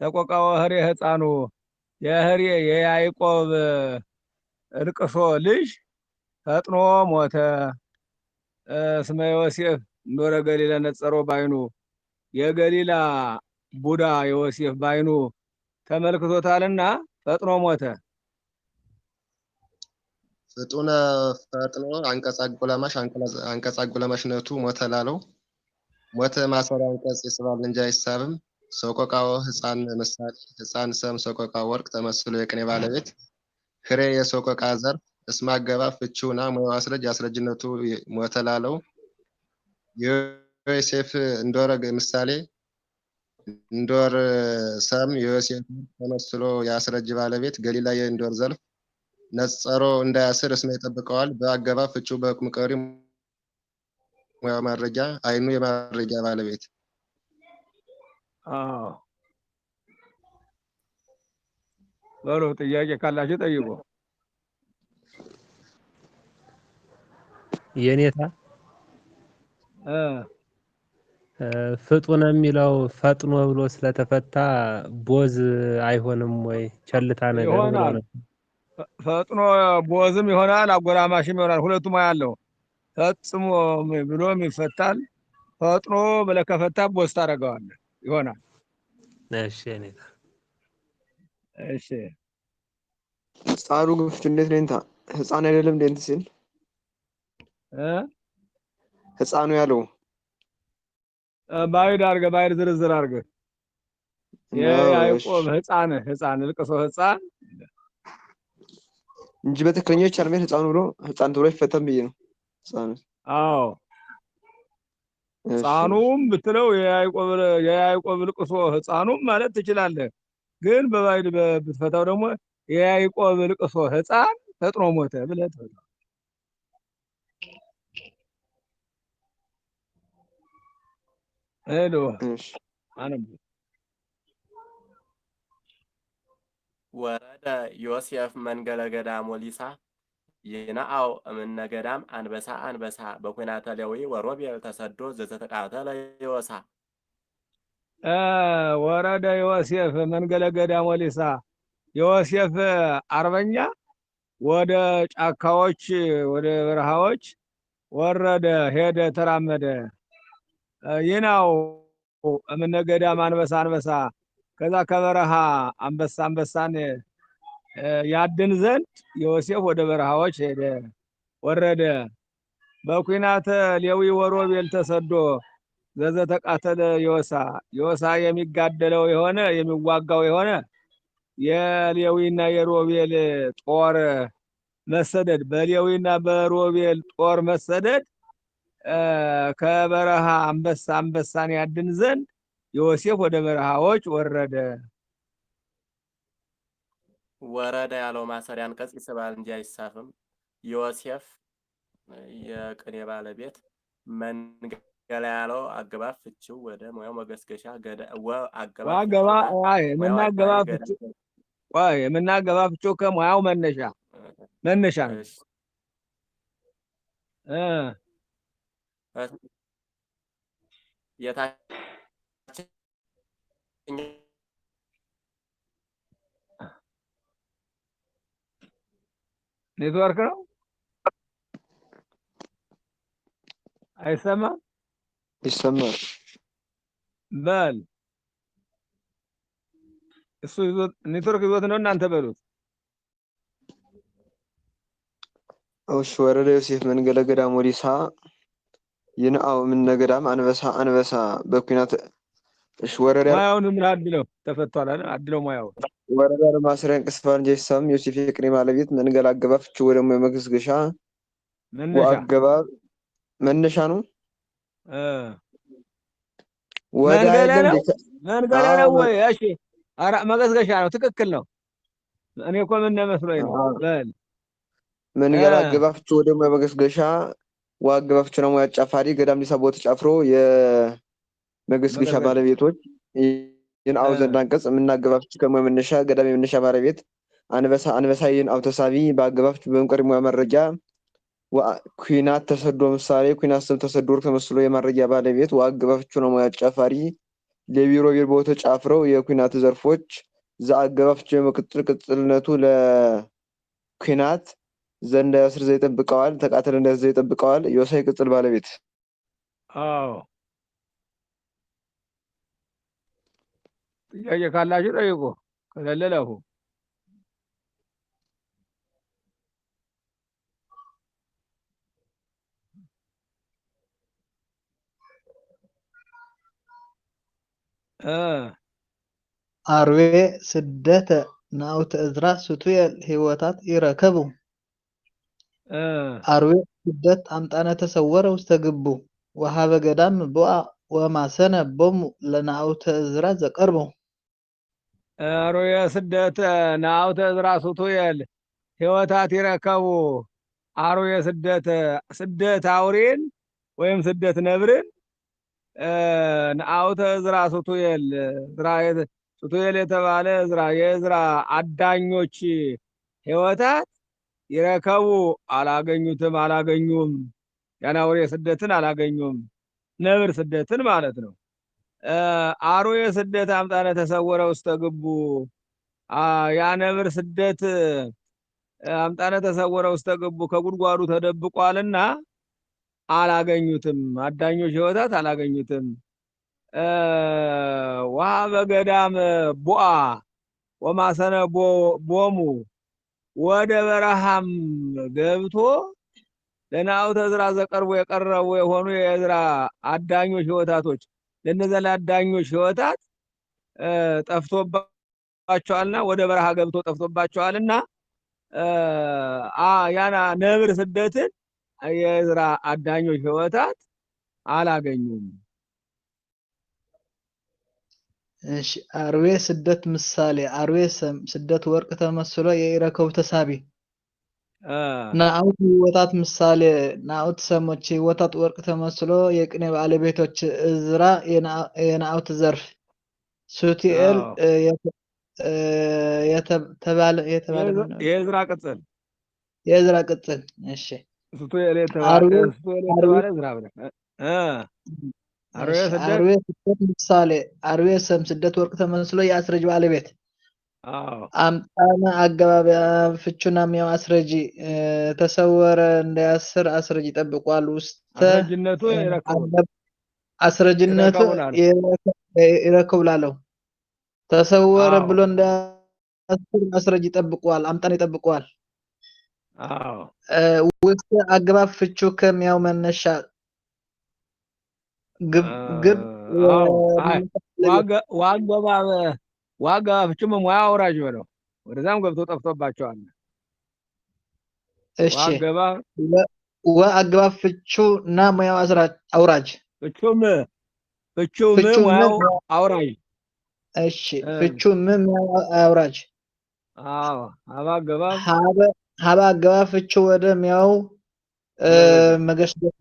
ሰቆቃወ ህሬ ህፃኑ የህሬ የያይቆብ እልቅሶ ልጅ ፈጥኖ ሞተ። እስመ ዮሴፍ ኖረ ገሊላ ነጸሮ ባይኑ የገሊላ ቡዳ ዮሴፍ ባይኑ ተመልክቶታልና ፈጥኖ ሞተ። ፍጡነ ፈጥኖ አንቀጽ አጎላማሽ አንቀጽ አጎላማሽነቱ ሞተ ላለው ሞተ ማሰሪያ አንቀጽ ይስባል እንጂ አይሳብም። ሰቆቃወ ህፃን ምሳሌ ህፃን ሰም ሰቆቃ ወርቅ ተመስሎ የቅኔ ባለቤት ፍሬ የሰቆቃ ዘር እስማ ገባ ፍቺውና ሙያው አስረጅ አስረጅነቱ ሞተላለው ዮሴፍ እንዶር ምሳሌ እንዶር ሰም የዮሴፍ ተመስሎ የአስረጅ ባለቤት ገሊላ የእንዶር ዘልፍ ነጸሮ እንዳያስር እስመ ይጠብቀዋል በአገባ ፍቺው በቁም ቀሪ ሙያው ማድረጊያ አይኑ የማድረጊያ ባለቤት በሎ ጥያቄ ካላችሁ ጠይቁ። የኔታ የሚለው ፈጥኖ ብሎ ስለተፈታ ቦዝ አይሆንም ወይ? ቸልታ ነገር ፈጥኖ ቦዝም ይሆናል፣ አጎራማሽም ይሆናል። ሁለቱም ፈጽሞ ብሎም ይፈታል። ፈጥኖ ብለህ ከፈታ ቦዝ ታደርገዋለህ። ይሆናል። እሺ ኔታ እሺ ህፃኑ ግፍት እንዴት ኔታ ህፃን አይደለም እንዴት ሲል ህፃኑ ያለው ባይድ አርገ ባይድ ዝርዝር አርገ የያዕቆብ ህፃን ህፃን ልቅሶ ህፃን እንጂ በትክክለኛው ቻርሜል ህፃኑ ብሎ ህፃን ተብሎ ይፈተም ብዬ ነው። ህፃኑ አዎ ህፃኑም ብትለው የያይቆብ ልቅሶ ሕፃኑም ማለት ትችላለህ። ግን በባይድ ብትፈታው ደግሞ የያይቆብ ልቅሶ ህፃን ፈጥኖ ሞተ ብለህ ትፈታው። ሄሎ ወረደ ዮሴፍ መንገለገዳ ሞሊሳ ይናአው እምነገዳም አንበሳ አንበሳ በኩናተ ሌዊ ወሮቤል ተሰዶ ዘተቃተለ ይወሳ ወረደ ዮሴፍ መንገለ ገዳም ወሊሳ ዮሴፍ አርበኛ ወደ ጫካዎች ወደ በረሃዎች ወረደ ሄደ ተራመደ። ይናው እምነገዳም አንበሳ አንበሳ ከዛ ከበረሃ አንበሳ አንበሳን ያድን ዘንድ ዮሴፍ ወደ በረሃዎች ሄደ ወረደ። በኩናተ ሌዊ ወሮቤል ተሰዶ ዘዘ ተቃተለ ዮሳ ዮሳ የሚጋደለው የሆነ የሚዋጋው የሆነ የሌዊና የሮቤል ጦር መሰደድ በሌዊና በሮቤል ጦር መሰደድ ከበረሃ አንበሳ አንበሳን ያድን ዘንድ ዮሴፍ ወደ በረሃዎች ወረደ። ወረደ ያለው ማሰሪያ አንቀጽ ይስባል እንጂ አይሳፍም። ዮሴፍ የቅኔ ባለቤት መንገላ ያለው አገባብ ፍቺው ወደ ሙያው መገስገሻ የምናገባ ፍቺው ከሙያው መነሻ መነሻ የታ ኔትወርክ ነው። አይሰማም? ይሰማል። በል እሱ ኔትወርክ ይዞት ነው። እናንተ በሉት። እሺ ወረደ ዮሴፍ መንገለ ገዳም ወዲሳ ይንአው ምን ነገዳም አንበሳ አንበሳ በኩናት እሺ ወረደ ያው ምን አድለው ተፈቷል አይደል? አድለው ሙያው ወረዳ ለማስሪያ እንቅስፋን ጀሳም ዮሴፍ የቅኔ ማለቤት መንገል አገባብ ፍቺ ደግሞ የመገስገሻ አገባብ መነሻ ነው። መንገለ ነው ወይ? እሺ መገስገሻ ነው። ትክክል ነው። እኔ እኮ ምን መስሎኝ ነው። መንገል አገባብ ፍቺ ደግሞ የመገስገሻ ወአገባብ ፍቺ ነው። ያጫፋሪ ገዳም ሊሳቦ ተጫፍሮ የመገስገሻ ባለቤቶች ይህን አው ዘንድ አንቀጽ የምናገባችሁ ከሙያ የመነሻ ገዳሚ መነሻ ባለቤት አንበሳይን አውተሳቢ በአገባፍች በምቀሪ ሙያ መረጃ ኩናት ተሰዶ ምሳሌ ኩናት ስም ተሰዶ ወርቅ ተመስሎ የማረጊያ ባለቤት ወአገባፍቹ ነው ሙያ ጨፋሪ ለቢሮ ቢር ቦተ ጫፍረው የኩናት ዘርፎች ዘአገባፍቹ የመቅጥል ቅጥልነቱ ለኩናት ዘንዳ ስር ዘይጠብቀዋል ተቃተል እንዳ ዘ ይጠብቀዋል የወሳኝ ቅጥል ባለቤት አዎ ጥያቄ ካላችሁ ጠይቁ፣ ከሌለ ለፉ። አርዌ ስደተ ናውተ እዝራ ስትየል ህይወታት ይረከቡ አርዌ ስደት አምጣነ ተሰወረ ውስተ ግቡ ወሃበ ገዳም ቦአ ወማሰነ ቦሙ ለናውተ እዝራ ዘቀርቡ ሩየ ስደት ናውተ እዝራ ሱቱየል ህይወታት ይረከቡ አሩየ ስደት ስደት አውሬን ወይም ስደት ነብርን ናውተ እዝራ ሱቱየል ሱቱየል የተባለ እዝራ የእዝራ አዳኞች ህይወታት ይረከቡ አላገኙትም፣ አላገኙም። ያን አውሬ ስደትን አላገኙም። ነብር ስደትን ማለት ነው። አሮየ ስደት አምጣነ ተሰወረ ውስተ ግቡ ያነብር ስደት አምጣነ ተሰወረ ውስተ ግቡ ከጉድጓዱ ተደብቋልና አላገኙትም። አዳኞች ህይወታት አላገኙትም። ውሃ በገዳም ቦአ ወማሰነ ቦሙ ወደ በረሃም ገብቶ ለናው ተዝራ ዘቀርቦ የቀረቡ የሆኑ የዝራ አዳኞች ህይወታቶች ለነዛ ለአዳኞች ህይወታት ጠፍቶባቸዋልና ወደ በረሃ ገብቶ ጠፍቶባቸዋልና ያና ነብር ስደትን የእዝራ አዳኞች ህይወታት አላገኙም። እሺ አርዌ ስደት ምሳሌ አርዌ ስደት ወርቅ ተመስሎ የኢረከቡ ተሳቢ ናአውት ወጣት ምሳሌ ናአውት ሰሞች ወጣት ወርቅ ተመስሎ የቅኔ ባለቤቶች እዝራ የናአውት ዘርፍ ሱቲኤል የተባለ የእዝራ ቅጽል የእዝራ ቅጽል። እሺ ሱቲኤል የተባለ እዝራ አርዌ ስደት ምሳሌ አርዌ ሰም ስደት ወርቅ ተመስሎ የአስረጅ ባለቤት አምጣና አገባቢያ ፍቹና ሚያው አስረጂ ተሰወረ እንዳያስር አስረጂ ጠብቋል ውስተ አስረጅነቱ ይረከብ ተሰወረ ብሎ እንዳያስር አስረጂ ጠብቋል አምጣን ይጠብቋል። ውስተ አገባብ ፍቹ ከሚያው መነሻ ግብ ግብ ዋገባበ ዋጋ ፍቹም ሙያ አውራጅ በለው ወደዛም ገብቶ ጠፍቶባቸዋል። እሺ ወአገባብ ፍቹ እና ሙያው አውራጅ ፍቹም ፍቹም ሙያው አውራጅ እሺ ፍቹም ሙያው አውራጅ አዎ ሀበ አገባብ ሀበ አገባብ ፍቹ ወደ ሙያው መገሽገሻ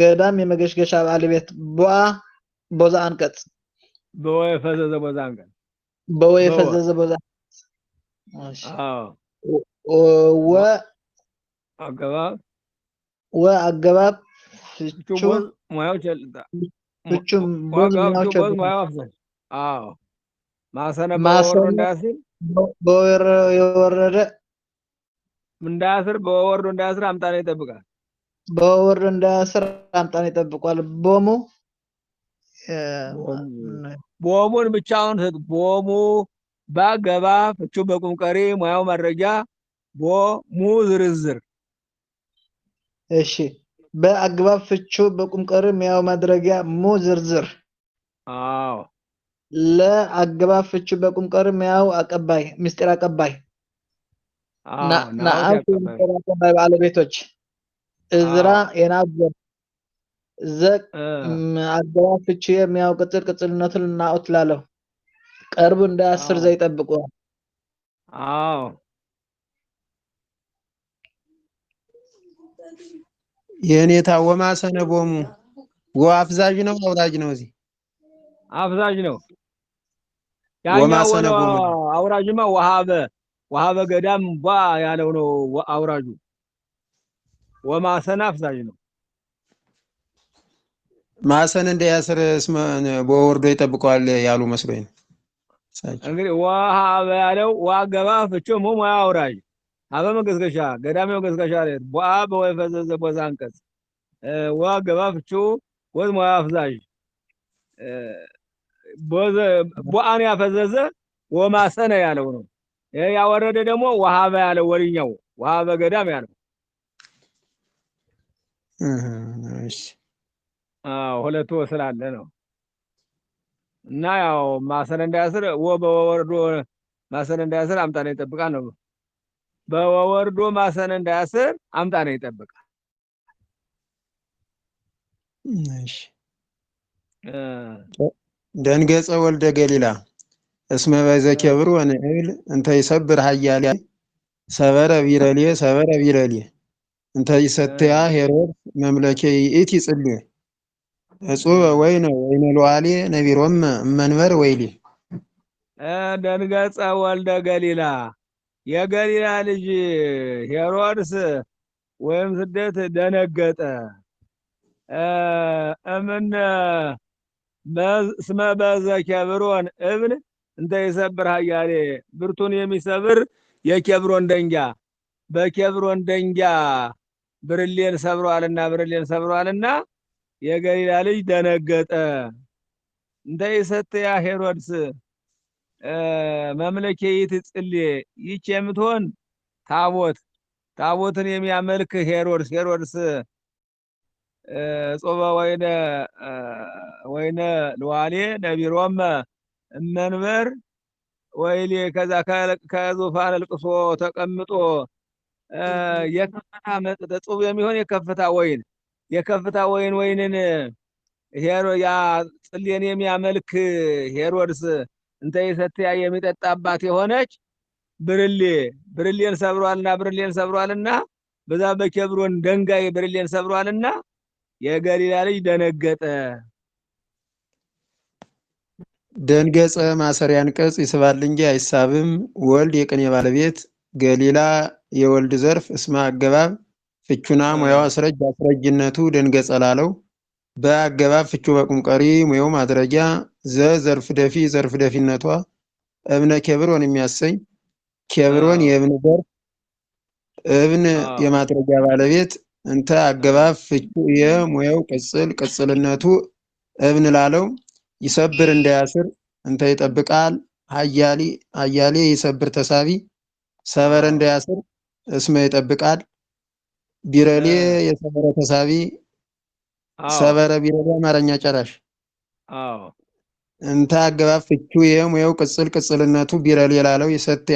ገዳም የመገሽገሻ ባለቤት ቦአ ቦዛ አንቀጽ በወይ የፈዘዘ ቦዛንገን በወ የፈዘዘ ቦዛንገን ወ አገባብ ወ አገባብ ፍቹን ማሰነ በወረ የወረደ እንዳያስር በወርዶ እንዳያስር አምጣ ነው ይጠብቃል። በወርዶ እንዳያስር አምጣ ነው ይጠብቋል። ቦሙ ቦሙን ብቻውን ቦሙ ባገባ ፍቹ በቁም ቀሪ ሙያው መረጃ ቦሙ ዝርዝር። እሺ በአግባብ ፍቹ በቁም ቀሪ ሙያው ማድረጊያ ሙ ዝርዝር። አዎ ለአግባብ ፍቹ በቁም ቀሪ ሙያው አቀባይ ምስጢር አቀባይ ናአብ ምስጢር ባለቤቶች እዝራ የናብ አገባብ ፍቺ የሚያው ቅጽል ቅጽልነቱን እናውት ላለሁ ቅርብ እንደ አስር ዘይ ጠብቀዋል። አዎ የኔታ ታወማ ሰነቦሙ ወ አፍዛዥ ነው አውራጅ ነው? እዚህ አፍዛዥ ነው። ወማሰነ ቦሙ አውራጅማ ወሃበ ወሃበ ገዳም ቧ ያለው ነው አውራጁ። ወማሰነ አፍዛዥ ነው። ማሰን እንደ ያስር በወርዶ ይጠብቀዋል ያሉ መስሎኝ ነው። እንግዲህ ዋሃ ያለው ዋገባ ፍቾ ሞሞ አውራጅ ሀበ መገዝገሻ ገዳሚ መገዝገሻ ለት ቦአ በወይ ፈዘዘ ቦዛ አንቀጽ ዋገባ ፍቾ ወዝ ሞያ አፍዛዥ ቦአን ያፈዘዘ ወማሰነ ያለው ነው። ይሄ ያወረደ ደግሞ ዋሃ ያለው ወሪኛው ዋሃ በገዳም ያለው እህ እሺ ሁለቱ ስላለ ነው። እና ያው ማሰነ እንዳያስር ወ በወርዶ ማሰነ እንዳያስር አምጣ ነው ይጠብቃል ነው። በወርዶ ማሰነ እንዳያስር አምጣ ነው ይጠብቃል። እሺ ደንገጸ ወልደ ገሊላ እስመ በዘ ኬብር ወንዕል እንተ ይሰብር ኃያሌ ሰበረ ቢረሌ ሰበረ ቢረሌ እንተ ይሰትያ ሄሮድ መምለኬ ይእቲ ጽልዌ እጹበ ወይነ ወይነ ለዋሌ ነቢሮም እመንበር ወይሊ ደንገጸ ወልደ ገሊላ የገሊላ ልጅ ሄሮድስ ወይም ስደት ደነገጠ። እምነ ስመ በዘ ኬብሮን እብን እንተ ይሰብር ኃያሌ ብርቱን የሚሰብር የኬብሮን ደንጊያ በኬብሮን ደንጊያ ብርሌን ሰብሯልና ብርሌን ሰብሯልና የገሊላ ልጅ ደነገጠ። እንተ ይሰትያ ሄሮድስ መምለኬ ይትጽሌ ይች የምትሆን ታቦት ታቦትን የሚያመልክ ሄሮድስ ሄሮድስ ጾበ ወይነ ወይነ ለዋሌ ነቢሮም እመንበር ወይሌ ከዛ ከዙፋን ልቅሶ ተቀምጦ የከፍታ መጠጥ ጹብ የሚሆን የከፍታ ወይን የከፍታ ወይን ወይንን ያ ጽሌን የሚያመልክ ሄሮድስ እንተ ይሰትያ የሚጠጣባት የሆነች ብርሌ ብርሌን ሰብሯልና ብርሌን ሰብሯልና በዛ በኬብሮን ደንጋይ ብርሌን ሰብሯልና የገሊላ ልጅ ደነገጠ። ደንገጸ ማሰሪያን አንቀጽ ይስባል እንጂ አይሳብም። ወልድ የቅኔ ባለቤት ገሊላ የወልድ ዘርፍ እስማ አገባብ ፍቹና ሙያው አስረጅ አስረጅነቱ ላለው በአገባብ ፍቹ በቁምቀሪ ሙያው ማድረጊያ ዘ ዘርፍ ደፊ ዘርፍ ደፊነቷ እብነ ኬብሮን የሚያሰኝ ኬብሮን የእብን ዘርፍ እብን የማድረጊያ ባለቤት እንተ አገባብ ፍቹ የሙያው ቅጽል ቅጽልነቱ እብን ላለው ይሰብር እንዳያስር እንተ ይጠብቃል አያሌ ይሰብር ተሳቢ ሰበር እንዳያስር እስመ ይጠብቃል ቢረሌ የሰበረ ተሳቢ ሰበረ ቢረሌ አማርኛ ጨራሽ እንታ አገባብ ፍቹ የሙየው ቅጽል ቅጽልነቱ ቢረሌ ላለው የሰት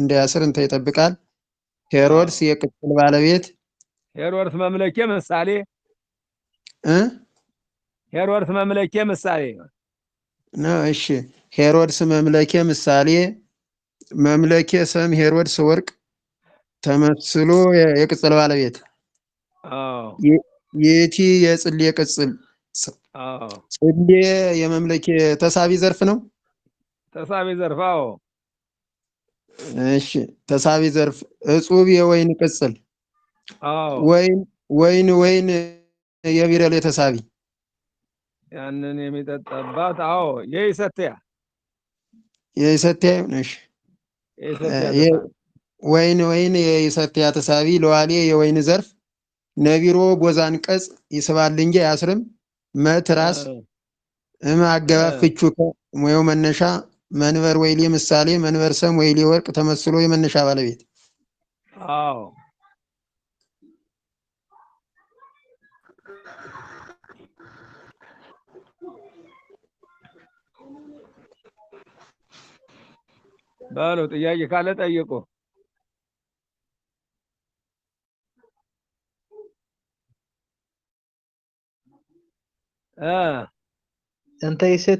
እንዳያስር እንተ ይጠብቃል። ሄሮድስ የቅጽል ባለቤት ሄሮድስ መምለኬ ምሳሌ እ ሄሮድስ መምለኬ ምሳሌ ነው። እሺ ሄሮድስ መምለኬ ምሳሌ መምለኬ ሰም ሄሮድስ ወርቅ ተመስሎ የቅጽል ባለቤት የቲ የጽሌ ቅጽል ጽሌ የመምለክ ተሳቢ ዘርፍ ነው። ተሳቢ ዘርፍ አዎ። እሺ ተሳቢ ዘርፍ እጹብ የወይን ቅጽል ወይን ወይን ወይን የቢረሌ የተሳቢ ያንን የሚጠጣባት አዎ። የይሰትያ የይሰትያ ነሽ ወይን ወይን የይሰትያ ተሳቢ ለዋሌ የወይን ዘርፍ ነቢሮ ቦዛ አንቀጽ ይስባል እንጂ አያስርም። መትራስ ማገባብ ፍቹ ከሙየው መነሻ መንበር ወይሌ ምሳሌ መንበር ሰም ወይሌ ወርቅ ተመስሎ የመነሻ ባለቤት አዎ በሉ ጥያቄ ካለ ጠይቁ። ఎంత వేసే